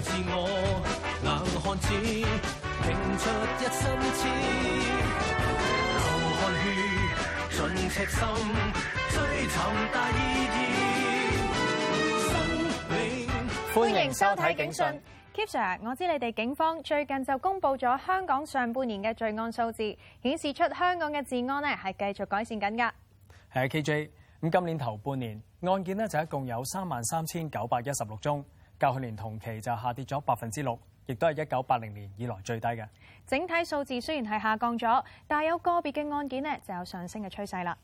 自我冷拼出一身痴流汗血盡赤心追尋。歡迎收睇警《警訊》，K 先 r 我知你哋警方最近就公布咗香港上半年嘅罪案數字，顯示出香港嘅治安呢，係繼續改善緊噶。係啊 K J 咁，今年頭半年案件呢，就一共有三萬三千九百一十六宗。較去年同期就下跌咗百分之六，亦都係一九八零年以來最低嘅。整體數字雖然係下降咗，但有個別嘅案件呢就有上升嘅趨勢啦。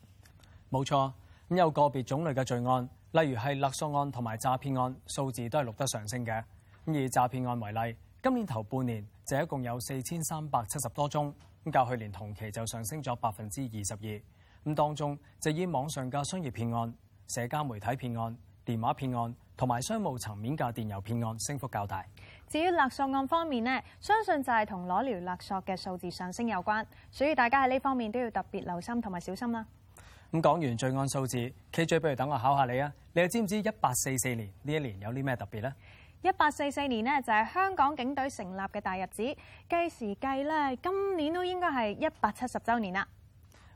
冇錯，咁有個別種類嘅罪案，例如係勒索案同埋詐騙案，數字都係錄得上升嘅。咁以詐騙案為例，今年頭半年就一共有四千三百七十多宗，咁較去年同期就上升咗百分之二十二。咁當中就以網上嘅商業騙案、社交媒體騙案、電話騙案同埋商務層面嘅電郵騙案升幅較大。至於勒索案方面咧，相信就係同裸聊勒索嘅數字上升有關，所以大家喺呢方面都要特別留心同埋小心啦。咁講完罪案數字，KJ，不如等我考下你啊！你又知唔知一八四四年呢一年有啲咩特別呢？一八四四年呢，就係香港警隊成立嘅大日子，計時計咧，今年都應該係一百七十周年啦。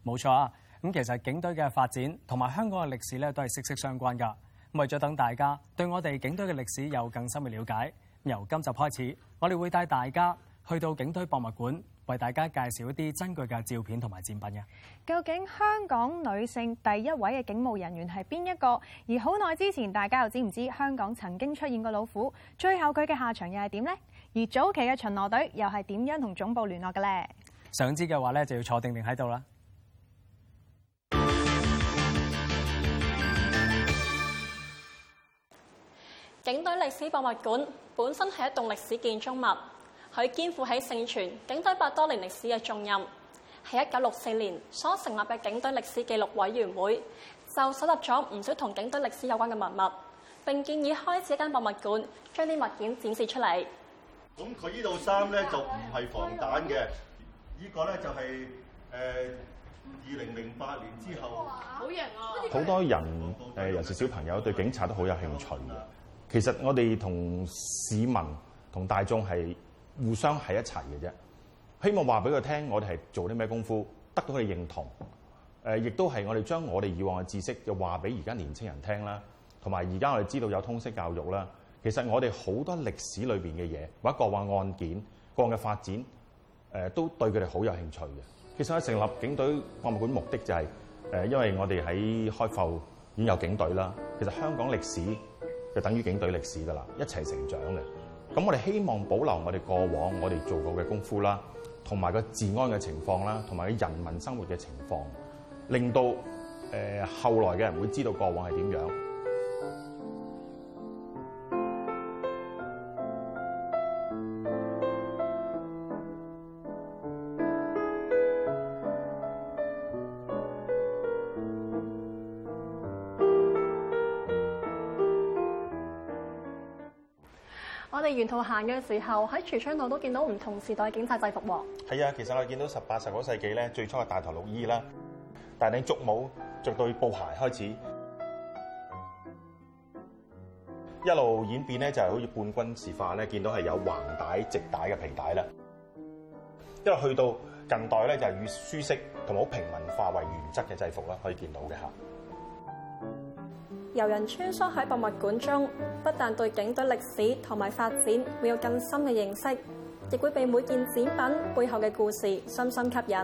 冇錯啊！咁其實警隊嘅發展同埋香港嘅歷史咧都係息息相關噶。為咗等大家對我哋警隊嘅歷史有更深嘅了解，由今集開始，我哋會帶大家去到警隊博物館，為大家介紹一啲珍貴嘅照片同埋展品嘅。究竟香港女性第一位嘅警務人員係邊一個？而好耐之前，大家又知唔知香港曾經出現過老虎？最後佢嘅下場又係點呢？而早期嘅巡邏隊又係點樣同總部聯絡嘅咧？想知嘅話咧，就要坐定定喺度啦。警隊歷史博物館本身係一棟歷史建築物，佢肩負起盛傳警隊百多年歷史嘅重任。喺一九六四年，所成立嘅警隊歷史記錄委員會就搜集咗唔少同警隊歷史有關嘅文物，物，並建議開設一間博物館將啲物件展示出嚟。咁佢呢套衫咧就唔係防彈嘅，呢個咧就係誒二零零八年之後，好型啊！好多人誒尤其小朋友對警察都好有興趣嘅。其實我哋同市民同大眾係互相喺一齊嘅啫。希望話俾佢聽，我哋係做啲咩功夫，得到佢哋認同。誒，亦都係我哋將我哋以往嘅知識就話俾而家年輕人聽啦。同埋而家我哋知道有通識教育啦。其實我哋好多歷史裏邊嘅嘢，或者講話案件、個案嘅發展，誒都對佢哋好有興趣嘅。其實我成立警隊博物館嘅目的就係誒，因為我哋喺開埠已有警隊啦。其實香港歷史。就等於警隊歷史噶啦，一齊成長嘅。咁我哋希望保留我哋過往我哋做過嘅功夫啦，同埋個治安嘅情況啦，同埋人民生活嘅情況，令到誒、呃、後來嘅人會知道過往係點樣。沿途行嘅時候，喺櫥窗度都見到唔同時代警察制服喎。係啊，其實我哋見到十八、十九世紀咧，最初係大頭綠衣啦，但係你著帽、着對布鞋開始，一路演變咧就係好似半軍事化咧，見到係有橫帶、直帶嘅皮帶啦。一路去到近代咧，就係以舒適同好平民化為原則嘅制服啦，可以見到嘅嚇。遊人穿梭喺博物館中，不但對警隊歷史同埋發展會有更深嘅認識，亦會被每件展品背後嘅故事深深吸引。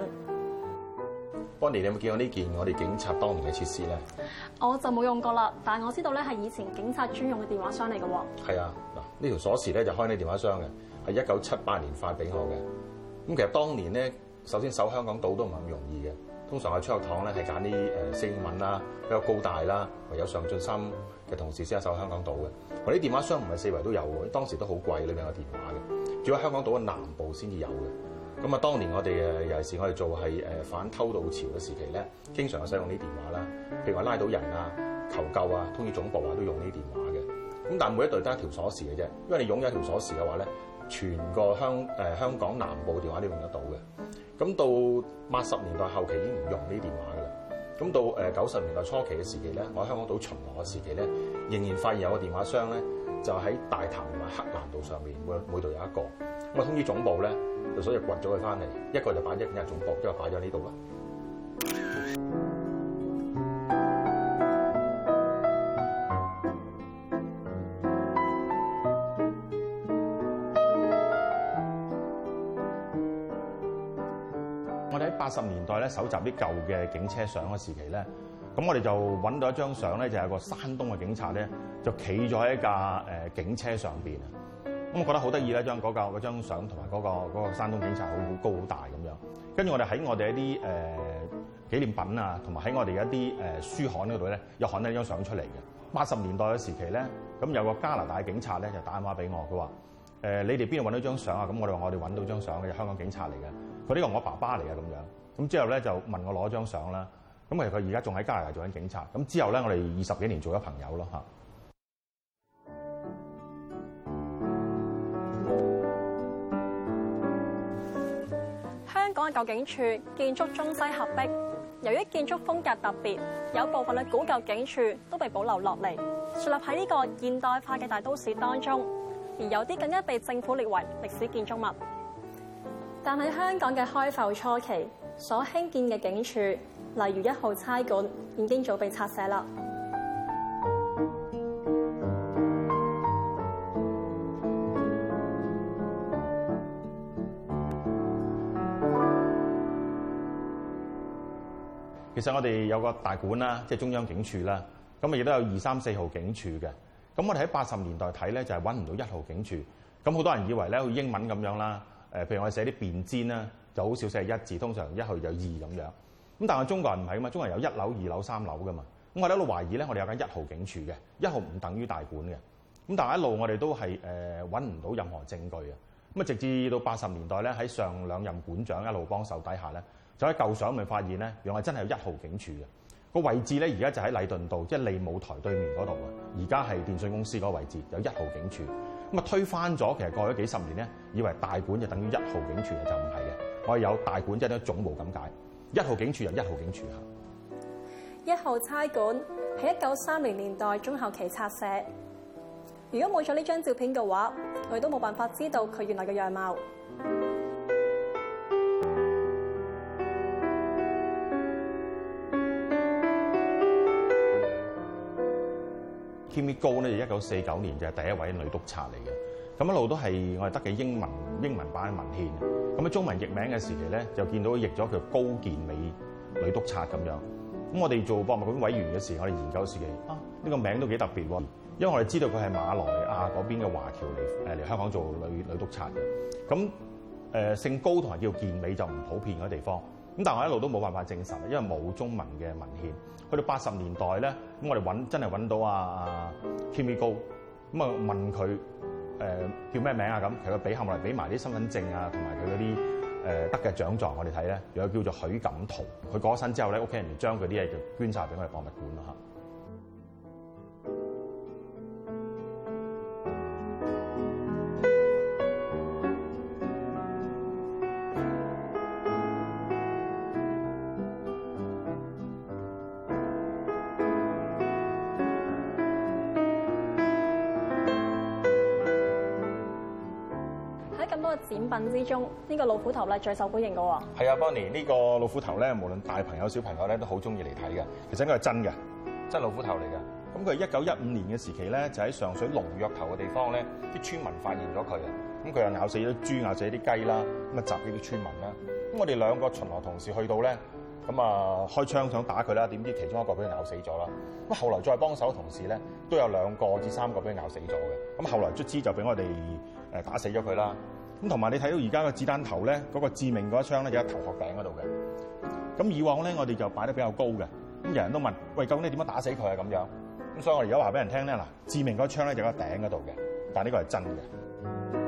b o 你有冇見過呢件我哋警察當年嘅設施咧？我就冇用過啦，但係我知道咧係以前警察專用嘅電話箱嚟嘅喎。係啊，嗱，呢條鎖匙咧就開呢電話箱嘅，係一九七八年發俾我嘅。咁其實當年咧，首先守香港島都唔係咁容易嘅。通常喺出入堂咧係揀啲誒識文啦，比較高大啦，唯有上進心嘅同事先喺手香港島嘅。我啲電話箱唔係四圍都有嘅，當時都好貴裏邊嘅電話嘅。主要香港島嘅南部先至有嘅。咁啊，當年我哋誒尤其是我哋做係誒反偷渡潮嘅時期咧，經常使用啲電話啦，譬如話拉到人啊、求救啊、通知總部啊，都用呢啲電話嘅。咁但係每一代都一條鎖匙嘅啫，因為你擁有一條鎖匙嘅話咧，全個香誒香港南部電話都用得到嘅。咁到八十年代後期已經唔用呢啲電話㗎啦。咁到誒九十年代初期嘅時期咧，我喺香港島巡邏嘅時期咧，仍然發現有個電話箱咧，就喺大潭同埋黑蘭道上面，每每度有一個。咁我通知總部咧，就所以掘咗佢返嚟，一個就擺喺今日總部，一個擺咗呢度啦。八十年代咧，搜集啲舊嘅警車相嘅時期咧，咁我哋就揾到一張相咧，就係個山東嘅警察咧，就企咗喺一架誒警車上邊啊！咁我覺得好得意咧，張嗰架嗰張相同埋嗰個山東警察好高好大咁樣。跟住我哋喺我哋一啲誒紀念品啊，同埋喺我哋一啲誒書刊嗰度咧，又刊到一張相出嚟嘅。八十年代嘅時期咧，咁有個加拿大警察咧就打電話俾我，佢話：誒你哋邊度揾到張相啊？咁我哋話我哋揾到張相嘅，香港警察嚟嘅。佢呢個我爸爸嚟嘅咁樣。咁之後咧就問我攞張相啦。咁其實佢而家仲喺加拿大做緊警察。咁之後咧，我哋二十幾年做咗朋友咯。嚇，香港嘅舊警署建築中西合璧，由於建築風格特別，有部分嘅古舊警署都被保留落嚟，矗立喺呢個現代化嘅大都市當中。而有啲更加被政府列為歷史建築物。但喺香港嘅開埠初期，所興建嘅警署，例如一號差館，已經早被拆卸啦。其實我哋有個大館啦，即係中央警署啦，咁啊亦都有二三四號警署嘅。咁我哋喺八十年代睇咧，就係揾唔到一號警署。咁好多人以為咧，佢英文咁樣啦，誒，譬如我哋寫啲便籤啦。就好少寫係一字，通常一號有二咁樣。咁但係中國人唔係嘛，中國人有一樓、二樓、三樓噶嘛。咁我哋一路懷疑咧，我哋有間一,一號警署嘅，一號唔等於大館嘅。咁但係一路我哋都係搵唔到任何證據嘅。咁啊，直至到八十年代咧，喺上兩任館長一路幫手底下咧，就喺舊相咪面發現咧，原來真係有一號警署嘅個位置咧。而家就喺禮頓道，即係利舞台對面嗰度啊。而家係電信公司嗰個位置有一號警署。咁啊。推翻咗，其實過咗幾十年咧，以為大館就等於一號警署嘅就唔係。我有大館即係咧總部咁解，一號警署就一號警署客。一號差館喺一九三零年代中後期拆卸。如果冇咗呢張照片嘅話，我哋都冇辦法知道佢原來嘅樣貌。Kimmy 高咧，一九四九年就係、是、第一位女督察嚟嘅。咁一路都係我哋得嘅英文英文版文獻。咁喺中文譯名嘅時期咧，就見到譯咗佢高健美女督察咁樣。咁我哋做博物館委員嘅時候，我哋研究時啊呢、呢個名都幾特別喎。因為我哋知道佢係馬來亞嗰邊嘅華僑嚟嚟香港做女女督察嘅。咁誒、呃、姓高同埋叫健美就唔普遍嘅地方。咁但我一路都冇辦法證實，因為冇中文嘅文獻。去到八十年代咧，咁我哋揾真係揾到啊啊 K.M. 高咁啊問佢。誒、呃、叫咩名啊？咁佢俾後嚟俾埋啲身份證啊，同埋佢嗰啲誒得嘅獎狀，我哋睇咧，有個叫做許錦圖，佢過咗身之後咧，屋企人將佢啲嘢就捐晒俾我哋博物館咯嚇。呢個老虎頭咧，最受歡迎噶喎、哦，係啊 Bonnie，呢個老虎頭咧，無論大朋友、小朋友咧，都好中意嚟睇嘅。其實應該係真嘅，真老虎頭嚟㗎。咁佢喺一九一五年嘅時期咧，就喺上水龍躍頭嘅地方咧，啲村民發現咗佢啊。咁佢又咬死咗豬，咬死啲雞啦，咁啊襲擊啲村民啦。咁我哋兩個巡邏同事去到咧，咁啊、呃、開槍想打佢啦，點知其中一個俾佢咬死咗啦。咁後來再幫手嘅同事咧，都有兩個至三個俾佢咬死咗嘅。咁後來卒之就俾我哋誒打死咗佢啦。咁同埋你睇到而家個子彈頭咧，嗰個致命嗰一槍呢，咧，就喺頭殼頂嗰度嘅。咁以往咧，我哋就擺得比較高嘅。咁人人都問：喂，究竟你點樣打死佢啊？咁樣。咁所以我而家話俾人聽咧，嗱，致命嗰槍咧，就喺頂嗰度嘅。但呢個係真嘅。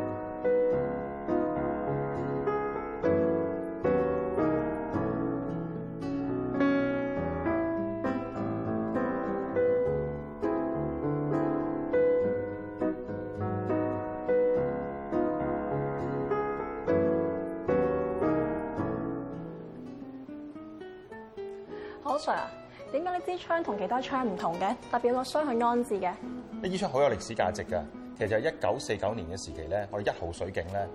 s i 點解呢支槍同其他槍唔同嘅？特別個箱係安置嘅。呢支槍好有歷史價值嘅，其實就係一九四九年嘅時期咧，我哋一號水警咧，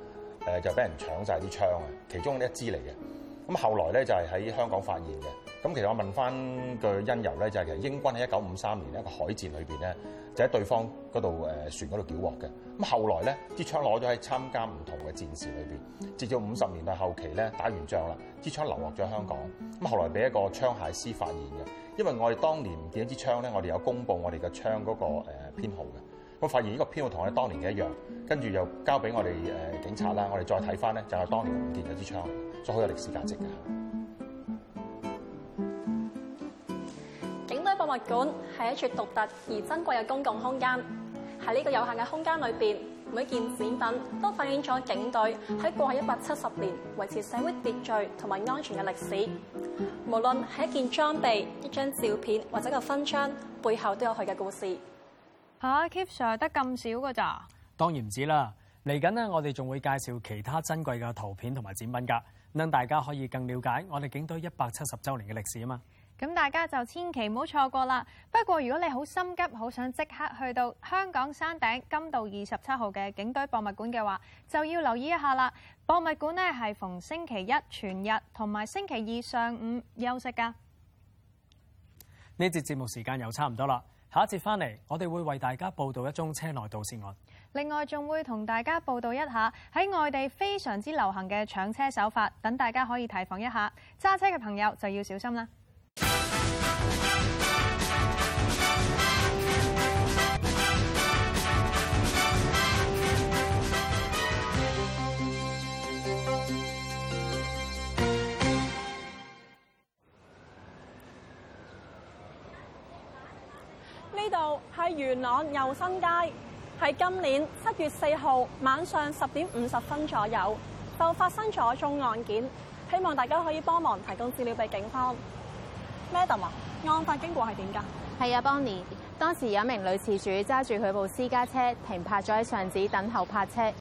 誒就俾人搶晒啲槍啊，其中一支嚟嘅。咁後來咧就係喺香港發現嘅。咁其實我問翻句因由咧，就係其實英軍喺一九五三年一個海戰裏邊咧。就喺對方嗰度誒船嗰度繳獲嘅。咁後來咧，支槍攞咗喺參加唔同嘅戰事裏邊，直至五十年代後期咧打完仗啦，支槍流落咗香港。咁後來俾一個槍械師發現嘅，因為我哋當年唔見一支槍咧，我哋有公布我哋嘅槍嗰個誒編號嘅。咁發現呢個編號同我哋當年嘅一樣，跟住又交俾我哋誒警察啦。我哋再睇翻咧，就係當年我唔見咗支槍，所以好有歷史價值嘅。博物館係一處獨特而珍貴嘅公共空間，喺呢個有限嘅空間裏邊，每件展品都反映咗警隊喺過去一百七十年維持社會秩序同埋安全嘅歷史。無論係一件裝備、一張照片或者個勳章，背後都有佢嘅故事。吓，啊，Keep Sir 得咁少噶咋？當然唔止啦，嚟緊呢，我哋仲會介紹其他珍貴嘅圖片同埋展品噶，等大家可以更了解我哋警隊一百七十周年嘅歷史啊嘛。咁大家就千祈唔好錯過啦。不過如果你好心急，好想即刻去到香港山頂金道二十七號嘅警隊博物館嘅話，就要留意一下啦。博物館呢係逢星期一全日同埋星期二上午休息㗎。呢節節目時間又差唔多啦，下一節返嚟，我哋會為大家報道一宗車內盜竊案。另外，仲會同大家報道一下喺外地非常之流行嘅搶車手法，等大家可以提防一下揸，車嘅朋友就要小心啦。呢度喺元朗又新街，喺今年七月四號晚上十點五十分左右就發生咗宗案件，希望大家可以幫忙提供資料俾警方。Madam 啊，案發經過係點㗎？係啊，Bonnie，當時有一名女事主揸住佢部私家車停泊咗喺上址等候泊車。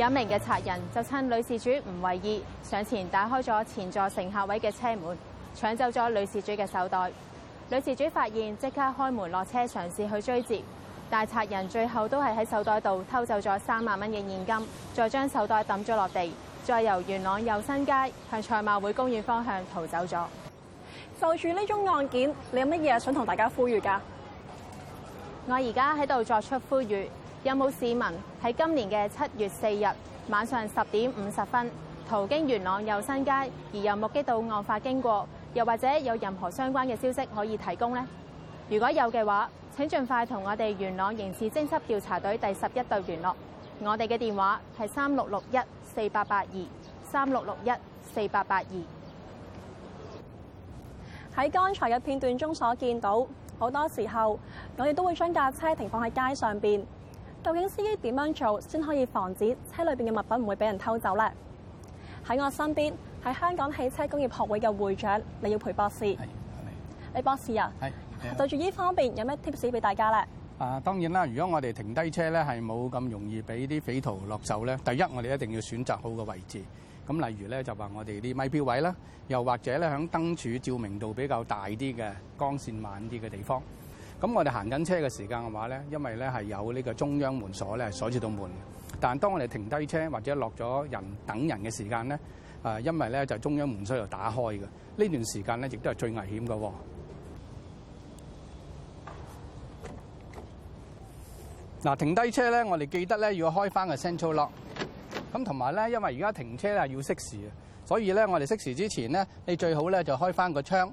有名嘅賊人就趁女事主唔為意，上前打開咗前座乘客位嘅車門，搶走咗女事主嘅手袋。女事主發現即刻開門落車，嘗試去追截，但賊人最後都係喺手袋度偷走咗三萬蚊嘅現金，再將手袋抌咗落地，再由元朗又新街向賽馬會公園方向逃走咗。就住呢宗案件，你有乜嘢想同大家呼籲㗎？我而家喺度作出呼籲。有冇市民喺今年嘅七月四日晚上十點五十分途經元朗又新街，而又目擊到案發經過，又或者有任何相關嘅消息可以提供呢？如果有嘅話，請盡快同我哋元朗刑事偵緝調查隊第十一隊聯絡。我哋嘅電話係三六六一四八八二三六六一四八八二。喺剛才嘅片段中所見到，好多時候我哋都會將架車停放喺街上邊。究竟司機點樣做先可以防止車裏邊嘅物品唔會俾人偷走咧？喺我身邊係香港汽車工業學會嘅會長，李耀培博士。係，你李博士啊。係的。對住呢方面有咩 tips 俾大家咧？啊，當然啦，如果我哋停低車咧，係冇咁容易俾啲匪徒落手咧。第一，我哋一定要選擇好嘅位置。咁例如咧，就話我哋啲咪錶位啦，又或者咧，響燈柱照明度比較大啲嘅光線猛啲嘅地方。咁我哋行緊車嘅時間嘅話咧，因為咧係有呢個中央門鎖咧鎖住到門。但係當我哋停低車或者落咗人等人嘅時間咧，啊、呃、因為咧就是、中央門鎖又打開嘅，呢段時間咧亦都係最危險嘅、哦。嗱、呃，停低車咧，我哋記得咧要開翻個 Central Lock、嗯。咁同埋咧，因為而家停車咧要熄匙，所以咧我哋熄匙之前咧，你最好咧就開翻個窗。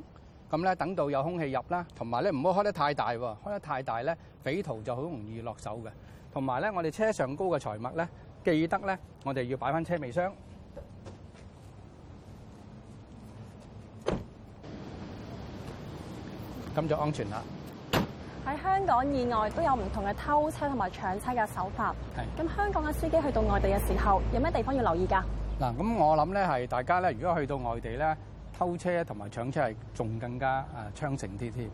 咁咧，等到有空氣入啦，同埋咧唔好開得太大喎，開得太大咧，匪徒就好容易落手嘅。同埋咧，我哋車上高嘅財物咧，記得咧，我哋要擺翻車尾箱，咁就安全啦。喺香港以外都有唔同嘅偷車同埋搶車嘅手法。係。咁香港嘅司機去到外地嘅時候，有咩地方要留意㗎？嗱，咁我諗咧係大家咧，如果去到外地咧。偷車同埋搶車係仲更加啊猖盛啲添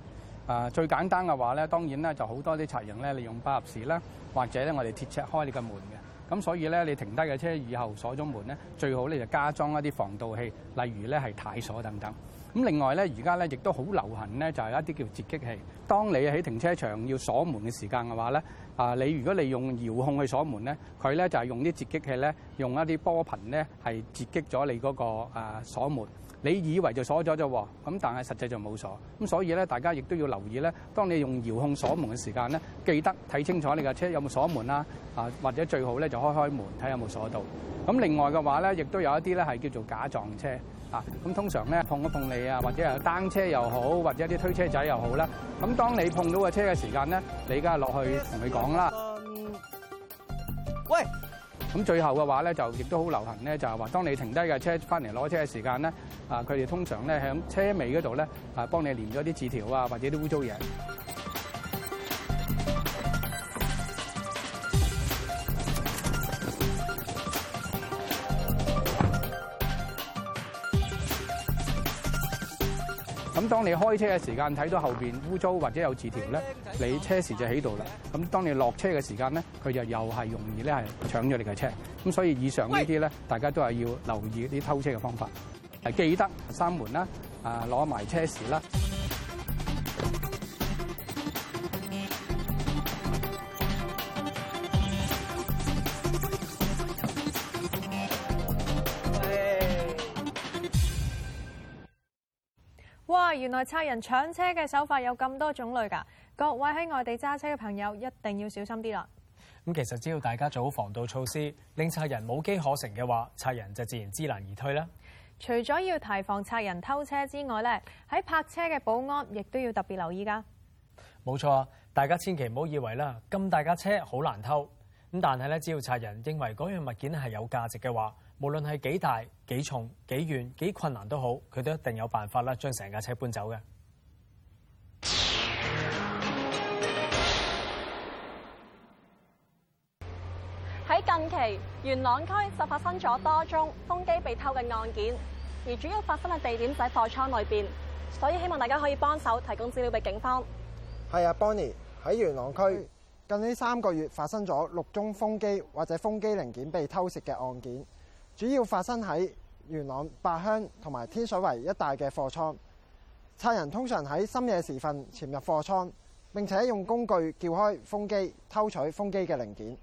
啊！最簡單嘅話咧，當然咧就好多啲賊人咧，利用百合匙啦，或者咧我哋鐵尺開你個門嘅咁，所以咧你停低嘅車以後鎖咗門咧，最好咧就加裝一啲防盜器，例如咧係軚鎖等等咁。另外咧，而家咧亦都好流行咧，就係一啲叫截擊器。當你喺停車場要鎖門嘅時間嘅話咧啊，你如果利用遙控去鎖門咧，佢咧就係用啲截擊器咧，用一啲波頻咧係截擊咗你嗰個啊鎖門。你以為就鎖咗啫喎，咁但係實際就冇鎖，咁所以咧，大家亦都要留意咧。當你用遙控鎖門嘅時間咧，記得睇清楚你架車有冇鎖門啦，啊，或者最好咧就開開門睇有冇鎖到。咁另外嘅話咧，亦都有一啲咧係叫做假撞車啊。咁通常咧碰一碰你啊，或者係單車又好，或者一啲推車仔又好啦。咁當你碰到個車嘅時間咧，你而家落去同佢講啦。喂！咁最後嘅話咧，就亦都好流行咧，就係話，當你停低架車翻嚟攞車嘅時間咧，啊，佢哋通常咧喺車尾嗰度咧，啊，幫你黏咗啲字條啊，或者啲污糟嘢。當你開車嘅時間睇到後邊污糟或者有字條咧，你車匙就喺度啦。咁當你落車嘅時間咧，佢就又係容易咧係搶咗你嘅車。咁所以以上呢啲咧，大家都係要留意啲偷車嘅方法，係記得閂門啦，啊攞埋車匙啦。原來賊人搶車嘅手法有咁多種類㗎，各位喺外地揸車嘅朋友一定要小心啲啦。咁其實只要大家做好防盜措施，令賊人冇機可乘嘅話，賊人就自然知難而退啦。除咗要提防賊人偷車之外咧，喺泊車嘅保安亦都要特別留意噶。冇錯，大家千祈唔好以為啦，咁大架車好難偷。咁但係咧，只要賊人認為嗰樣物件係有價值嘅話，無論係幾大、幾重、幾遠、幾困難都好，佢都一定有辦法啦，將成架車搬走嘅。喺近期，元朗區就發生咗多宗風機被偷嘅案件，而主要發生嘅地點就喺貨倉裏邊，所以希望大家可以幫手提供資料俾警方。係啊，Bonnie 喺元朗區近呢三個月發生咗六宗風機或者風機零件被偷竊嘅案件。主要發生喺元朗八鄉同埋天水圍一帶嘅貨倉，賊人通常喺深夜時分潛入貨倉，並且用工具撬開風機，偷取風機嘅零件。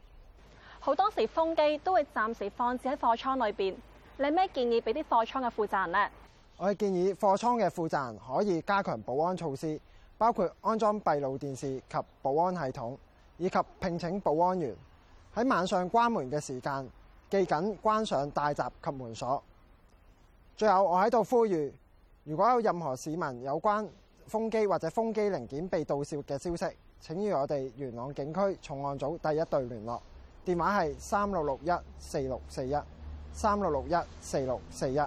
好多時風機都會暫時放置喺貨倉裏邊，你咩建議俾啲貨倉嘅負責人呢？我建議貨倉嘅負責人可以加強保安措施，包括安裝閉路電視及保安系統，以及聘請保安員喺晚上關門嘅時間，記緊關上大閘及門鎖。最後，我喺度呼籲，如果有任何市民有關風機或者風機零件被盜竊嘅消息，請與我哋元朗警區重案組第一隊聯絡，電話係三六六一四六四一三六六一四六四一。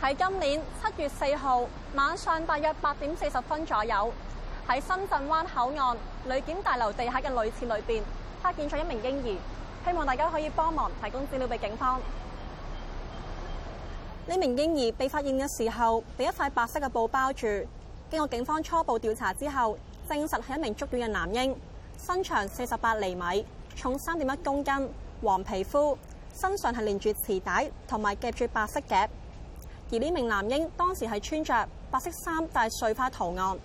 喺今年七月四號晚上，大約八點四十分左右。喺深圳灣口岸旅檢大樓地下嘅女廁裏面，發現咗一名嬰兒，希望大家可以幫忙提供資料俾警方。呢名嬰兒被發現嘅時候，被一塊白色嘅布包住。經過警方初步調查之後，證實係一名足月嘅男嬰，身長四十八厘米，重三點一公斤，黃皮膚，身上係連住臍帶同埋夾住白色夾。而呢名男嬰當時係穿着白色衫，帶碎花圖案。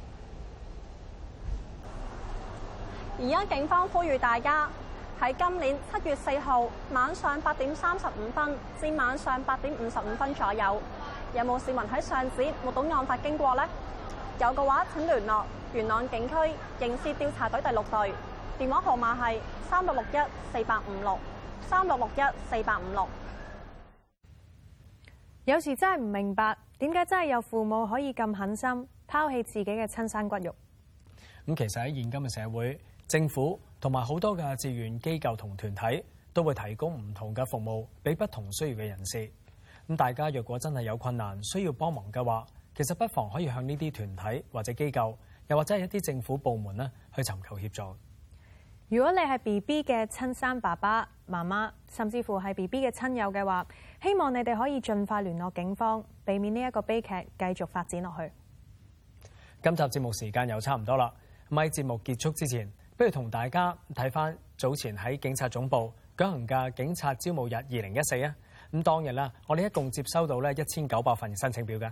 而家警方呼籲大家喺今年七月四號晚上八點三十五分至晚上八點五十五分左右，有冇市民喺上址目睹案發經過咧？有嘅話，請聯絡元朗警區刑事調查隊第六隊，電話號碼係三六六一四八五六三六六一四八五六。有時真係唔明白，點解真係有父母可以咁狠心拋棄自己嘅親生骨肉？咁其實喺現今嘅社會。政府同埋好多嘅志願機構同團體都會提供唔同嘅服務，俾不同需要嘅人士。咁大家若果真係有困難需要幫忙嘅話，其實不妨可以向呢啲團體或者機構，又或者係一啲政府部門咧去尋求協助。如果你係 BB 嘅親生爸爸媽媽，甚至乎係 BB 嘅親友嘅話，希望你哋可以盡快聯絡警方，避免呢一個悲劇繼續發展落去。今集節目時間又差唔多啦，喺節目結束之前，不如同大家睇翻早前喺警察總部舉行嘅警察招募日二零一四啊！咁當日啦，我哋一共接收到咧一千九百份申請表㗎。